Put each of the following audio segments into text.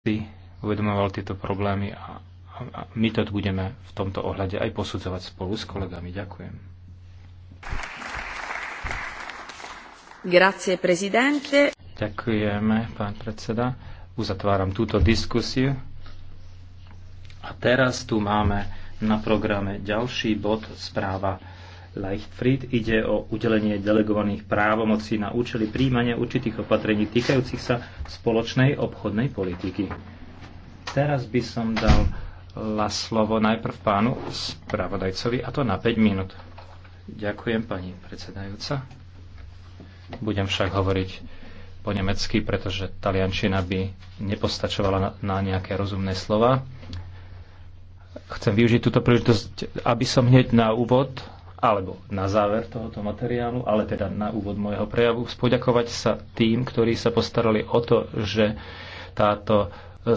si uvedomoval tieto problémy a, a my to budeme v tomto ohľade aj posudzovať spolu s kolegami. Ďakujem. Grazie, prezidente. Ďakujeme, pán predseda. Uzatváram túto diskusiu. A teraz tu máme na programe ďalší bod správa Leichtfried ide o udelenie delegovaných právomocí na účely príjmania určitých opatrení týkajúcich sa spoločnej obchodnej politiky. Teraz by som dal la eh, slovo najprv pánu spravodajcovi a to na 5 minút. Ďakujem pani predsedajúca. Budem však hovoriť po nemecky, pretože taliančina by nepostačovala na, nejaké rozumné slova. Chcem využiť túto príležitosť, aby som hneď na úvod alebo na záver tohoto materiálu, ale teda na úvod môjho prejavu, spoďakovať sa tým, ktorí sa postarali o to, že táto e, e,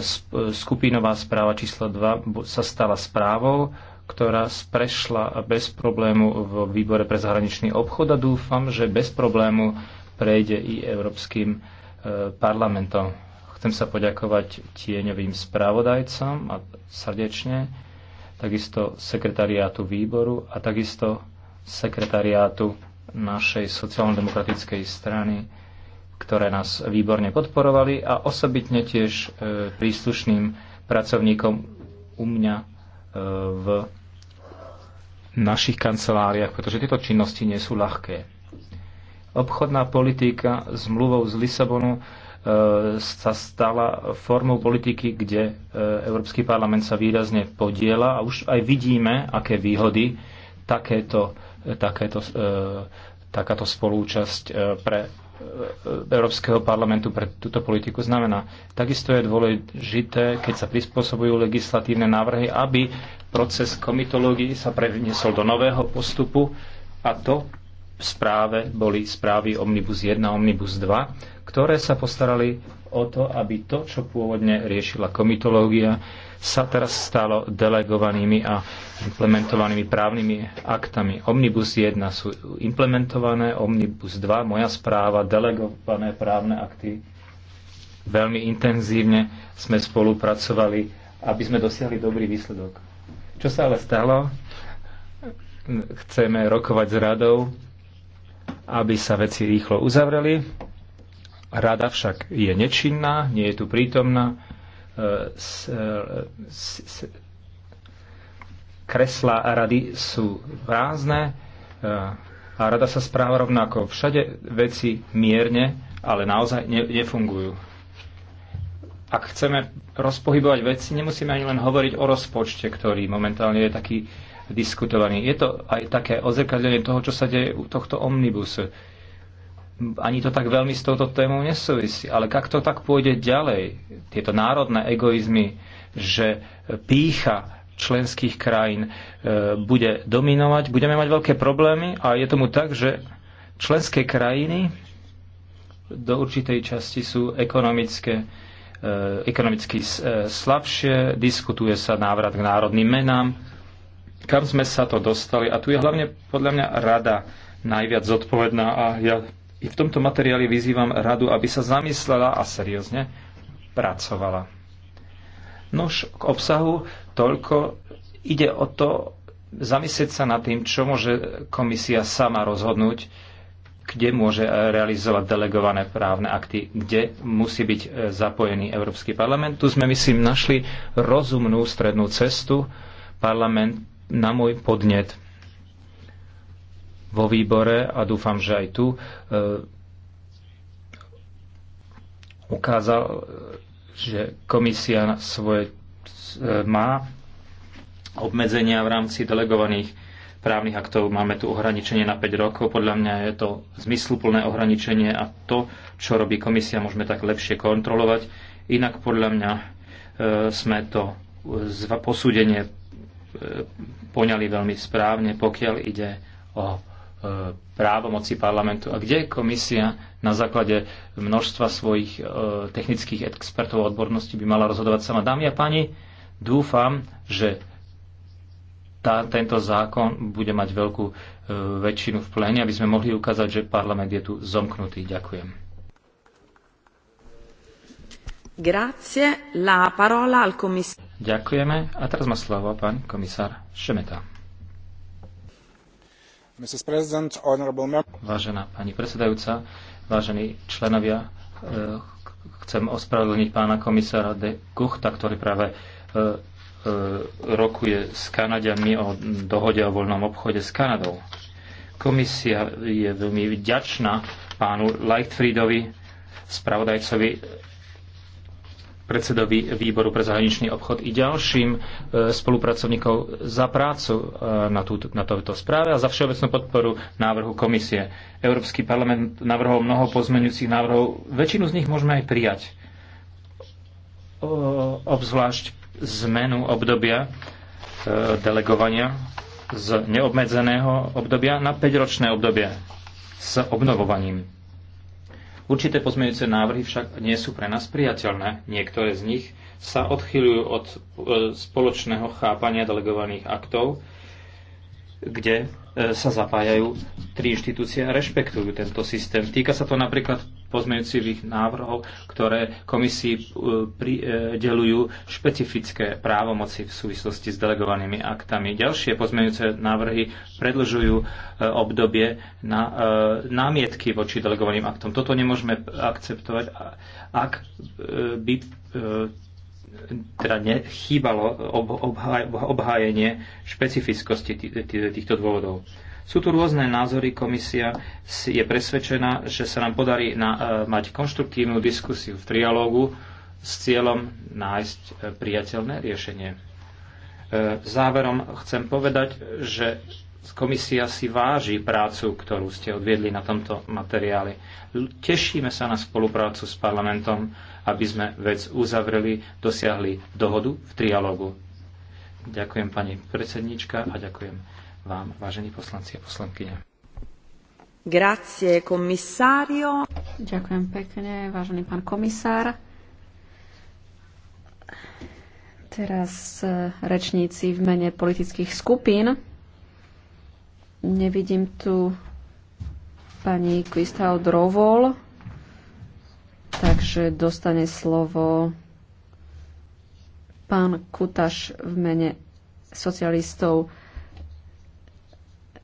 skupinová správa číslo 2 sa stala správou, ktorá sprešla bez problému v výbore pre zahraničný obchod a dúfam, že bez problému prejde i Európskym e, parlamentom. Chcem sa poďakovať tieňovým správodajcom a srdečne, takisto sekretariátu výboru a takisto sekretariátu našej sociálno-demokratickej strany, ktoré nás výborne podporovali a osobitne tiež e, príslušným pracovníkom u mňa e, v našich kanceláriách, pretože tieto činnosti nie sú ľahké. Obchodná politika s mluvou z Lisabonu e, sa stala formou politiky, kde Európsky parlament sa výrazne podiela a už aj vidíme, aké výhody takéto takéto, e, takáto spolúčasť e, pre e, Európskeho parlamentu pre túto politiku znamená. Takisto je dôležité, keď sa prispôsobujú legislatívne návrhy, aby proces komitológií sa preniesol do nového postupu a to správe boli správy Omnibus 1 a Omnibus 2, ktoré sa postarali o to, aby to, čo pôvodne riešila komitológia, sa teraz stalo delegovanými a implementovanými právnymi aktami. Omnibus 1 sú implementované, Omnibus 2, moja správa, delegované právne akty. Veľmi intenzívne sme spolupracovali, aby sme dosiahli dobrý výsledok. Čo sa ale stalo? Chceme rokovať s radou aby sa veci rýchlo uzavreli. Rada však je nečinná, nie je tu prítomná. E, s, e, s, s, kresla rady sú prázdne e, a rada sa správa rovnako. Všade veci mierne, ale naozaj ne, nefungujú. Ak chceme rozpohybovať veci, nemusíme ani len hovoriť o rozpočte, ktorý momentálne je taký diskutovaný. Je to aj také ozrkadlenie toho, čo sa deje u tohto omnibusu. Ani to tak veľmi s touto témou nesúvisí. Ale ak to tak pôjde ďalej, tieto národné egoizmy, že pícha členských krajín e, bude dominovať, budeme mať veľké problémy a je tomu tak, že členské krajiny do určitej časti sú ekonomické e, ekonomicky e, slabšie, diskutuje sa návrat k národným menám, kam sme sa to dostali. A tu je hlavne podľa mňa rada najviac zodpovedná a ja i v tomto materiáli vyzývam radu, aby sa zamyslela a seriózne pracovala. Nož k obsahu toľko ide o to zamyslieť sa nad tým, čo môže komisia sama rozhodnúť, kde môže realizovať delegované právne akty, kde musí byť e, zapojený Európsky parlament. Tu sme, myslím, našli rozumnú strednú cestu. Parlament na môj podnet vo výbore a dúfam, že aj tu e, ukázal, že komisia svoje e, má obmedzenia v rámci delegovaných právnych aktov. Máme tu ohraničenie na 5 rokov. Podľa mňa je to zmysluplné ohraničenie a to, čo robí komisia, môžeme tak lepšie kontrolovať. Inak podľa mňa e, sme to posúdenie poňali veľmi správne, pokiaľ ide o e, právomoci parlamentu a kde komisia na základe množstva svojich e, technických expertov a odborností by mala rozhodovať sama. Dámy a páni, dúfam, že tá, tento zákon bude mať veľkú e, väčšinu v plene, aby sme mohli ukázať, že parlament je tu zomknutý. Ďakujem. Grazie. La parola al commissario. Ďakujeme. A teraz má slovo pán komisár Šemeta. Vážená pani predsedajúca, vážení členovia, eh, chcem ospravedlniť pána komisára de Guchta, ktorý práve eh, eh, rokuje s Kanadiami o dohode o voľnom obchode s Kanadou. Komisia je veľmi vďačná pánu Lightfriedovi, spravodajcovi predsedovi výboru pre zahraničný obchod i ďalším e, spolupracovníkov za prácu e, na, túto, na tohto správe a za všeobecnú podporu návrhu komisie. Európsky parlament navrhol mnoho pozmeňujúcich návrhov, väčšinu z nich môžeme aj prijať. Obzvlášť zmenu obdobia e, delegovania z neobmedzeného obdobia na 5-ročné obdobie s obnovovaním. Určité pozmeňujúce návrhy však nie sú pre nás priateľné. Niektoré z nich sa odchyľujú od e, spoločného chápania delegovaných aktov, kde e, sa zapájajú tri inštitúcie a rešpektujú tento systém. Týka sa to napríklad pozmeňujúcich návrhov, ktoré komisii e, pridelujú e, špecifické právomoci v súvislosti s delegovanými aktami. Ďalšie pozmeňujúce návrhy predlžujú obdobie na námietky voči delegovaným aktom. Toto nemôžeme akceptovať, ak by teda nechýbalo obhájenie špecifickosti týchto dôvodov. Sú tu rôzne názory, komisia je presvedčená, že sa nám podarí na, e, mať konštruktívnu diskusiu v trialógu s cieľom nájsť e, priateľné riešenie. E, záverom chcem povedať, že Komisia si váži prácu, ktorú ste odviedli na tomto materiáli. Tešíme sa na spoluprácu s parlamentom, aby sme vec uzavreli, dosiahli dohodu v trialógu. Ďakujem pani predsednička a ďakujem vám, vážení poslanci a poslankyne. Grazie, komisario. Ďakujem pekne, vážený pán komisár. Teraz eh, rečníci v mene politických skupín. Nevidím tu pani Kvistau Drovol, takže dostane slovo pán Kutaš v mene socialistov.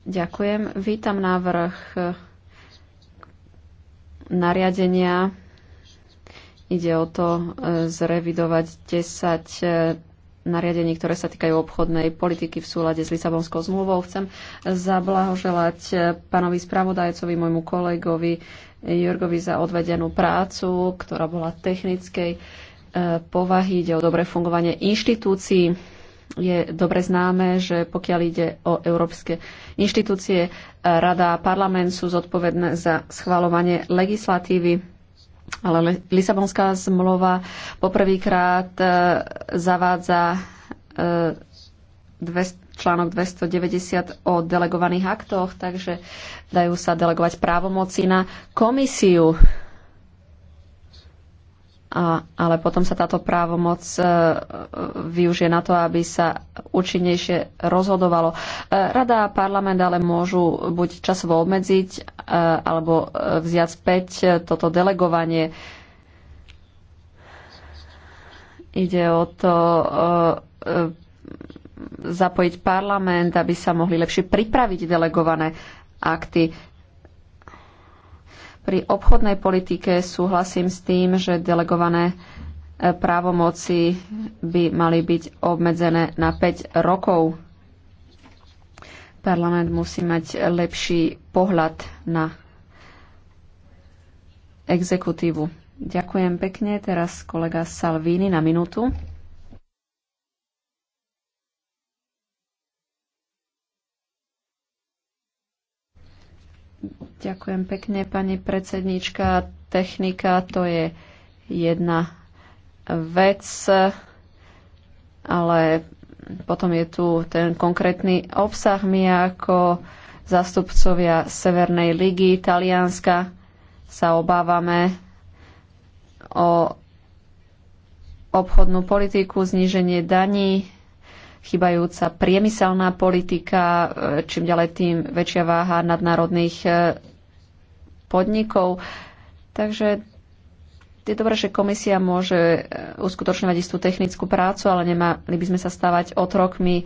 Ďakujem. Vítam návrh nariadenia. Ide o to e, zrevidovať 10 nariadení, ktoré sa týkajú obchodnej politiky v súlade s Lisabonskou zmluvou. Chcem zablahoželať pánovi spravodajcovi, môjmu kolegovi Jurgovi za odvedenú prácu, ktorá bola technickej e, povahy, ide o dobré fungovanie inštitúcií. Je dobre známe, že pokiaľ ide o európske inštitúcie, Rada a parlament sú zodpovedné za schvalovanie legislatívy ale Lisabonská zmluva poprvýkrát e, zavádza e, článok 290 o delegovaných aktoch, takže dajú sa delegovať právomoci na komisiu a, ale potom sa táto právomoc e, e, využije na to, aby sa účinnejšie rozhodovalo. E, Rada a parlament ale môžu buď časovo obmedziť e, alebo e, vziať späť toto delegovanie. Ide o to e, e, zapojiť parlament, aby sa mohli lepšie pripraviť delegované akty. Pri obchodnej politike súhlasím s tým, že delegované e, právomoci by mali byť obmedzené na 5 rokov. Parlament musí mať lepší pohľad na exekutívu. Ďakujem pekne. Teraz kolega Salvini na minútu. Ďakujem pekne, pani predsednička. Technika to je jedna vec, ale potom je tu ten konkrétny obsah. My ako zastupcovia Severnej ligy Talianska sa obávame o obchodnú politiku, zníženie daní, chybajúca priemyselná politika, čím ďalej tým väčšia váha nadnárodných podnikov. Takže je dobré, že komisia môže e, uskutočňovať istú technickú prácu, ale nemali by sme sa stávať otrokmi e,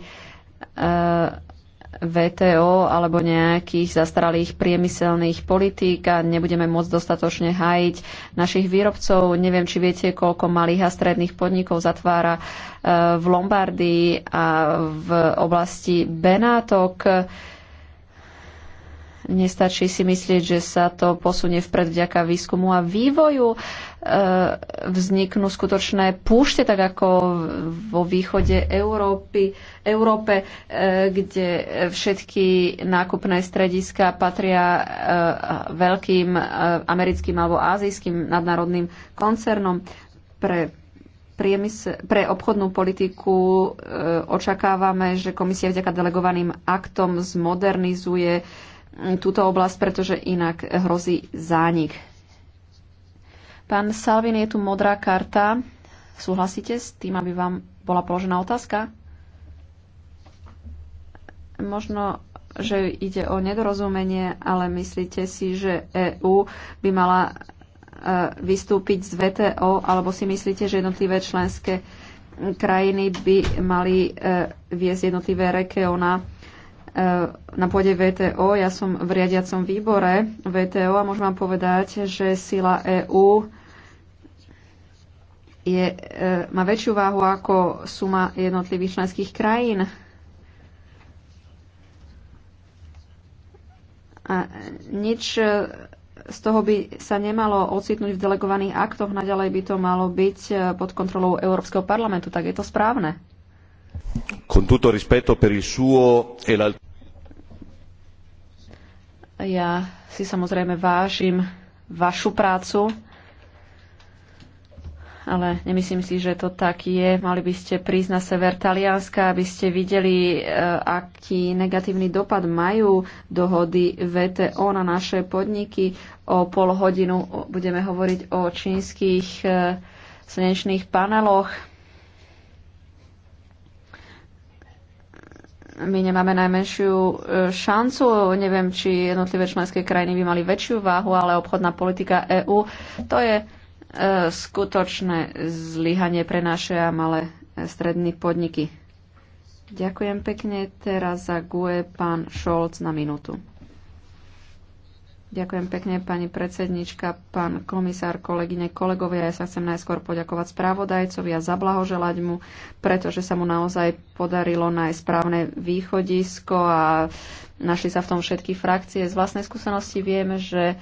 VTO alebo nejakých zastaralých priemyselných politík a nebudeme môcť dostatočne hájiť našich výrobcov. Neviem, či viete, koľko malých a stredných podnikov zatvára e, v Lombardii a v oblasti Benátok Nestačí si myslieť, že sa to posunie vpred vďaka výskumu a vývoju. E, vzniknú skutočné púšte, tak ako vo východe Európy, Európe, e, kde všetky nákupné strediska patria e, veľkým americkým alebo azijským nadnárodným koncernom. Pre pre obchodnú politiku e, očakávame, že komisia vďaka delegovaným aktom zmodernizuje túto oblasť, pretože inak hrozí zánik. Pán Salvin, je tu modrá karta. Súhlasíte s tým, aby vám bola položená otázka? Možno, že ide o nedorozumenie, ale myslíte si, že EÚ by mala e, vystúpiť z VTO, alebo si myslíte, že jednotlivé členské krajiny by mali e, viesť jednotlivé regióna Eh, na pôde VTO. Ja som v riadiacom výbore VTO a môžem vám povedať, že sila EÚ je, eh, má väčšiu váhu ako suma jednotlivých členských krajín. A nič eh, z toho by sa nemalo ocitnúť v delegovaných aktoch, naďalej by to malo byť pod kontrolou Európskeho parlamentu, tak je to správne. Con tutto rispetto per il suo e la... Ja si samozrejme vážim vašu prácu, ale nemyslím si, že to tak je. Mali by ste prísť na sever Talianska, aby ste videli, e, aký negatívny dopad majú dohody VTO na naše podniky. O pol hodinu budeme hovoriť o čínskych e, slnečných paneloch. my nemáme najmenšiu e, šancu. Neviem, či jednotlivé členské krajiny by mali väčšiu váhu, ale obchodná politika EÚ to je e, skutočné zlyhanie pre naše a malé e, strední podniky. Ďakujem pekne. Teraz za GUE pán Šolc na minútu. Ďakujem pekne, pani predsednička, pán komisár, kolegyne, kolegovia. Ja sa chcem najskôr poďakovať správodajcovi a zablahoželať mu, pretože sa mu naozaj podarilo nájsť správne východisko a našli sa v tom všetky frakcie. Z vlastnej skúsenosti vieme, že e,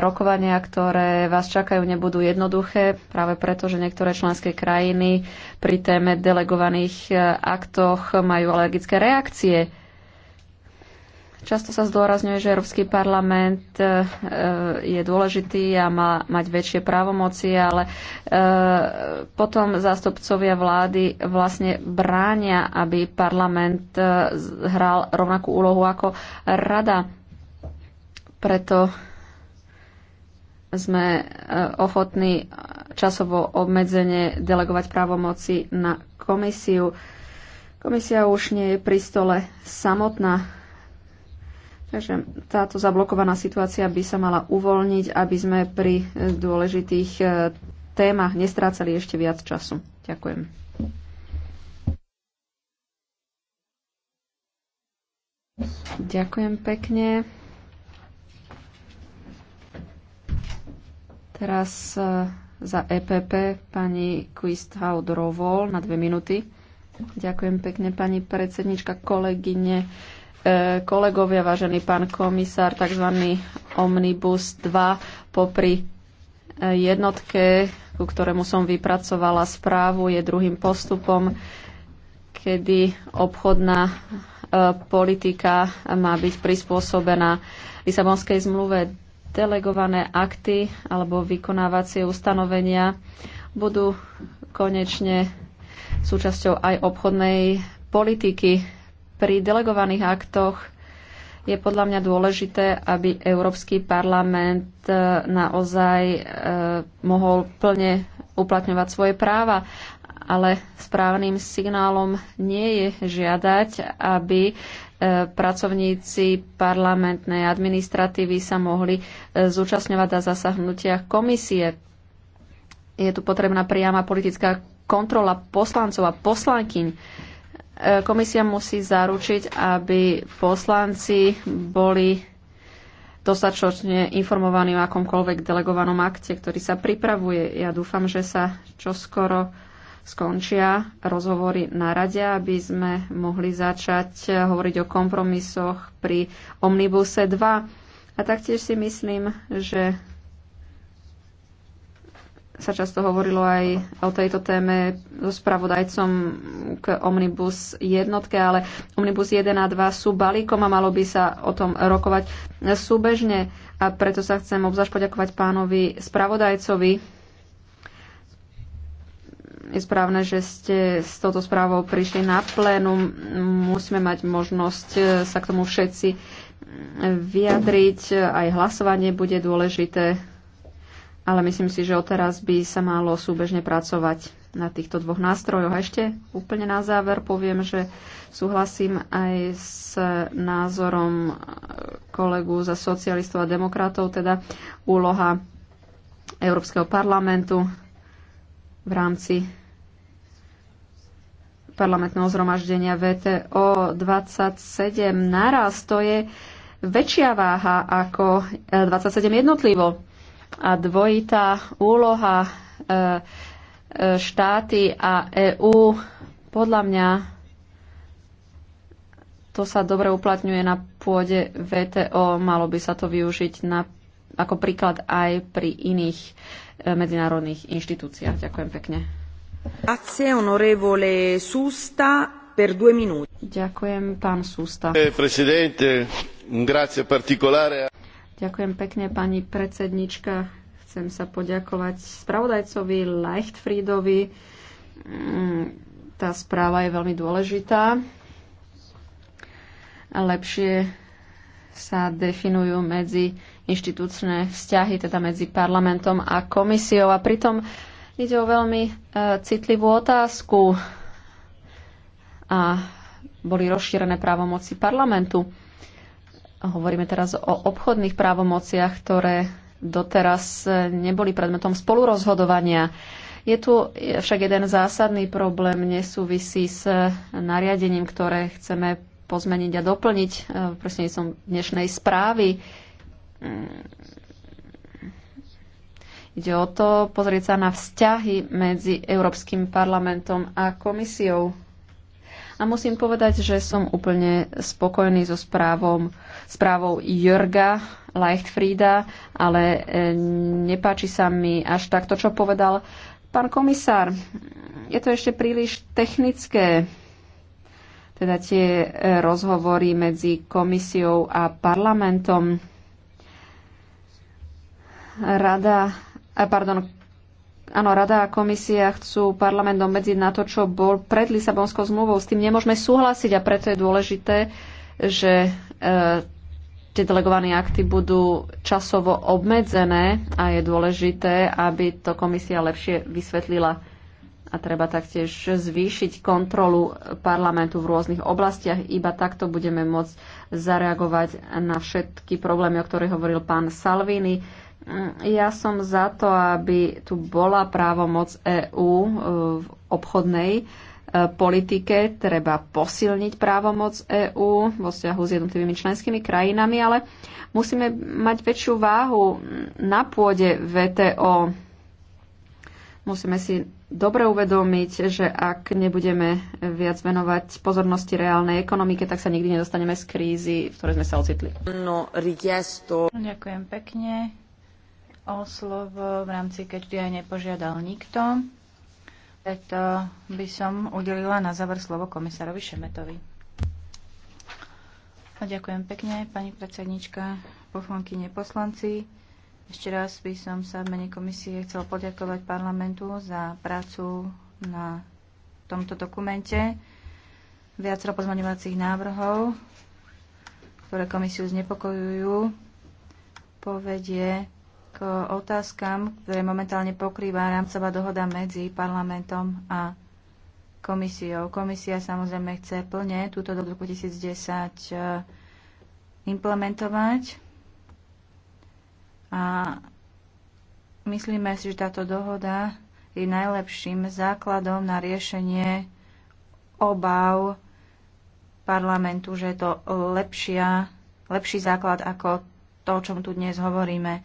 rokovania, ktoré vás čakajú, nebudú jednoduché, práve preto, že niektoré členské krajiny pri téme delegovaných e, aktoch majú alergické reakcie Často sa zdôrazňuje, že Európsky parlament e, e, je dôležitý a má mať väčšie právomoci, ale e, potom zástupcovia vlády vlastne bránia, aby parlament hral rovnakú úlohu ako rada. Preto sme ochotní časovo obmedzenie delegovať právomoci na komisiu. Komisia už nie je pri stole samotná Takže táto zablokovaná situácia by sa mala uvoľniť, aby sme pri e, dôležitých e, témach nestrácali ešte viac času. Ďakujem. Ďakujem pekne. Teraz e, za EPP pani Quisthaud Rovol na dve minúty. Ďakujem pekne pani predsednička, kolegyne kolegovia, vážený pán komisár, tzv. Omnibus 2 popri e, jednotke, ku ktorému som vypracovala správu, je druhým postupom, kedy obchodná e, politika má byť prispôsobená Lisabonskej zmluve. Delegované akty alebo vykonávacie ustanovenia budú konečne súčasťou aj obchodnej politiky pri delegovaných aktoch je podľa mňa dôležité, aby Európsky parlament e, naozaj e, mohol plne uplatňovať svoje práva. Ale správnym signálom nie je žiadať, aby e, pracovníci parlamentnej administratívy sa mohli zúčastňovať na zasahnutiach komisie. Je tu potrebná priama politická kontrola poslancov a poslankyň Komisia musí zaručiť, aby poslanci boli dostatočne informovaní o akomkoľvek delegovanom akte, ktorý sa pripravuje. Ja dúfam, že sa čoskoro skončia rozhovory na rade, aby sme mohli začať hovoriť o kompromisoch pri Omnibuse 2. A taktiež si myslím, že sa často hovorilo aj o tejto téme so spravodajcom k Omnibus jednotke, ale Omnibus 1 a 2 sú balíkom a malo by sa o tom rokovať súbežne. A preto sa chcem obzvlášť poďakovať pánovi spravodajcovi. Je správne, že ste s touto správou prišli na plénum. Musíme mať možnosť e, sa k tomu všetci vyjadriť. Aj hlasovanie bude dôležité ale myslím si, že odteraz by sa malo súbežne pracovať na týchto dvoch nástrojoch. A ešte úplne na záver poviem, že súhlasím aj s názorom kolegu za socialistov a demokratov, teda úloha Európskeho parlamentu v rámci parlamentného zhromaždenia VTO 27 naraz. To je väčšia váha ako 27 eh, jednotlivo a dvojitá úloha e, e, štáty a EÚ podľa mňa to sa dobre uplatňuje na pôde VTO, malo by sa to využiť na, ako príklad aj pri iných e, medzinárodných inštitúciách. Ďakujem pekne. Ďakujem, pán Sústa. Eh, Ďakujem pekne, pani predsednička. Chcem sa poďakovať spravodajcovi Leichtfriedovi. Mm, tá správa je veľmi dôležitá. Lepšie sa definujú medzi inštitúčné vzťahy, teda medzi parlamentom a komisiou. A pritom ide o veľmi e, citlivú otázku a boli rozšírené právomoci parlamentu. Hovoríme teraz o obchodných právomociach, ktoré doteraz e, neboli predmetom spolurozhodovania. Je tu však jeden zásadný problém, nesúvisí s e, nariadením, ktoré chceme pozmeniť a doplniť e, prostredníctvom dnešnej správy. Mm. Ide o to pozrieť sa na vzťahy medzi Európskym parlamentom a komisiou. A musím povedať, že som úplne spokojný so správom, správou Jörga Leichtfrieda, ale e, nepáči sa mi až tak to, čo povedal pán komisár. Je to ešte príliš technické, teda tie e, rozhovory medzi komisiou a parlamentom. Rada, e, pardon, Áno, Rada a komisia chcú parlament obmedziť na to, čo bol pred Lisabonskou zmluvou. S tým nemôžeme súhlasiť a preto je dôležité, že e, tie delegované akty budú časovo obmedzené a je dôležité, aby to komisia lepšie vysvetlila. A treba taktiež zvýšiť kontrolu parlamentu v rôznych oblastiach. Iba takto budeme môcť zareagovať na všetky problémy, o ktorých hovoril pán Salvini ja som za to, aby tu bola právomoc EÚ e, v obchodnej e, politike. Treba posilniť právomoc EÚ vo vzťahu s jednotlivými členskými krajinami, ale musíme mať väčšiu váhu na pôde VTO. Musíme si dobre uvedomiť, že ak nebudeme viac venovať pozornosti reálnej ekonomike, tak sa nikdy nedostaneme z krízy, v ktorej sme sa ocitli. No, Ďakujem pekne o slovo v rámci keď aj nepožiadal nikto. Preto by som udelila na záver slovo komisárovi Šemetovi. A ďakujem pekne, pani predsednička, poslanky, poslanci. Ešte raz by som sa v mene komisie chcel poďakovať parlamentu za prácu na tomto dokumente. Viacero pozmaňovacích návrhov, ktoré komisiu znepokojujú, povedie k otázkam, ktoré momentálne pokrýva rámcová dohoda medzi parlamentom a komisiou. Komisia samozrejme chce plne túto do roku 2010 e, implementovať a myslíme si, že táto dohoda je najlepším základom na riešenie obav parlamentu, že je to lepšia, lepší základ ako to, o čom tu dnes hovoríme.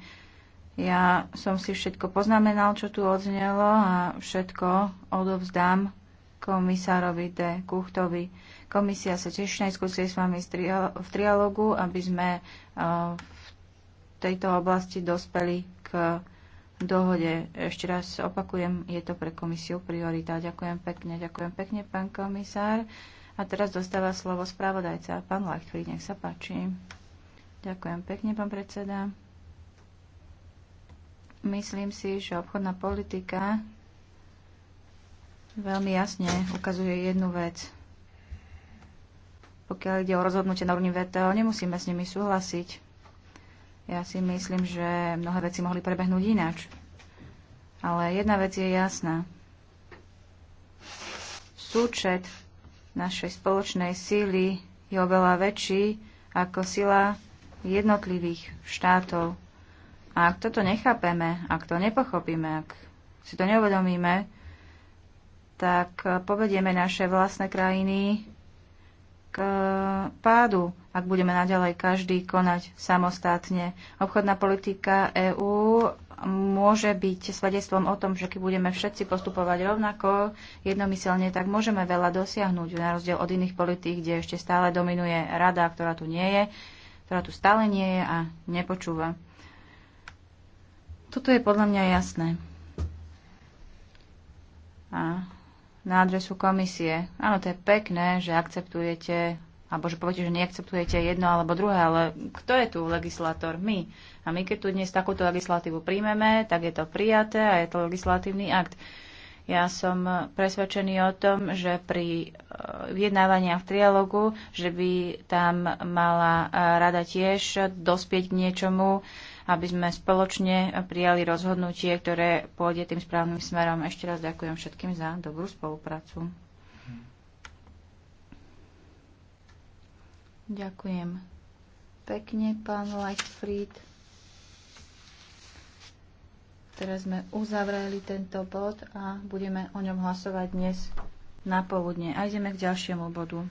Ja som si všetko poznamenal, čo tu odznelo a všetko odovzdám komisárovi D. Kuchtovi. Komisia sa tiež najskúsi s vami v trialogu, aby sme e, v tejto oblasti dospeli k dohode. Ešte raz opakujem, je to pre komisiu priorita. Ďakujem pekne, ďakujem pekne, pán komisár. A teraz dostáva slovo spravodajca. pán Lachtfried, nech sa páči. Ďakujem pekne, pán predseda. Myslím si, že obchodná politika veľmi jasne ukazuje jednu vec. Pokiaľ ide o rozhodnutie na úrovni VTO, nemusíme s nimi súhlasiť. Ja si myslím, že mnohé veci mohli prebehnúť ináč. Ale jedna vec je jasná. Súčet našej spoločnej síly je oveľa väčší ako sila jednotlivých štátov a ak toto nechápeme, ak to nepochopíme, ak si to neuvedomíme, tak eh, povedieme naše vlastné krajiny k eh, pádu, ak budeme naďalej každý konať samostatne. Obchodná politika EÚ môže byť svedectvom o tom, že keď budeme všetci postupovať rovnako, jednomyselne, tak môžeme veľa dosiahnuť, na rozdiel od iných politík, kde ešte stále dominuje rada, ktorá tu nie je, ktorá tu stále nie je a nepočúva. Toto je podľa mňa jasné. A na adresu komisie. Áno, to je pekné, že akceptujete, alebo že poviete, že neakceptujete jedno alebo druhé, ale kto je tu legislátor? My. A my keď tu dnes takúto legislatívu príjmeme, tak je to prijaté a je to legislatívny akt. Ja som presvedčený o tom, že pri eh, vyjednávania v trialogu, že by tam mala eh, rada tiež dospieť k niečomu, aby sme spoločne prijali rozhodnutie, ktoré pôjde tým správnym smerom. Ešte raz ďakujem všetkým za dobrú spoluprácu. Ďakujem pekne, pán Lightfried. Teraz sme uzavreli tento bod a budeme o ňom hlasovať dnes na poludne. A ideme k ďalšiemu bodu.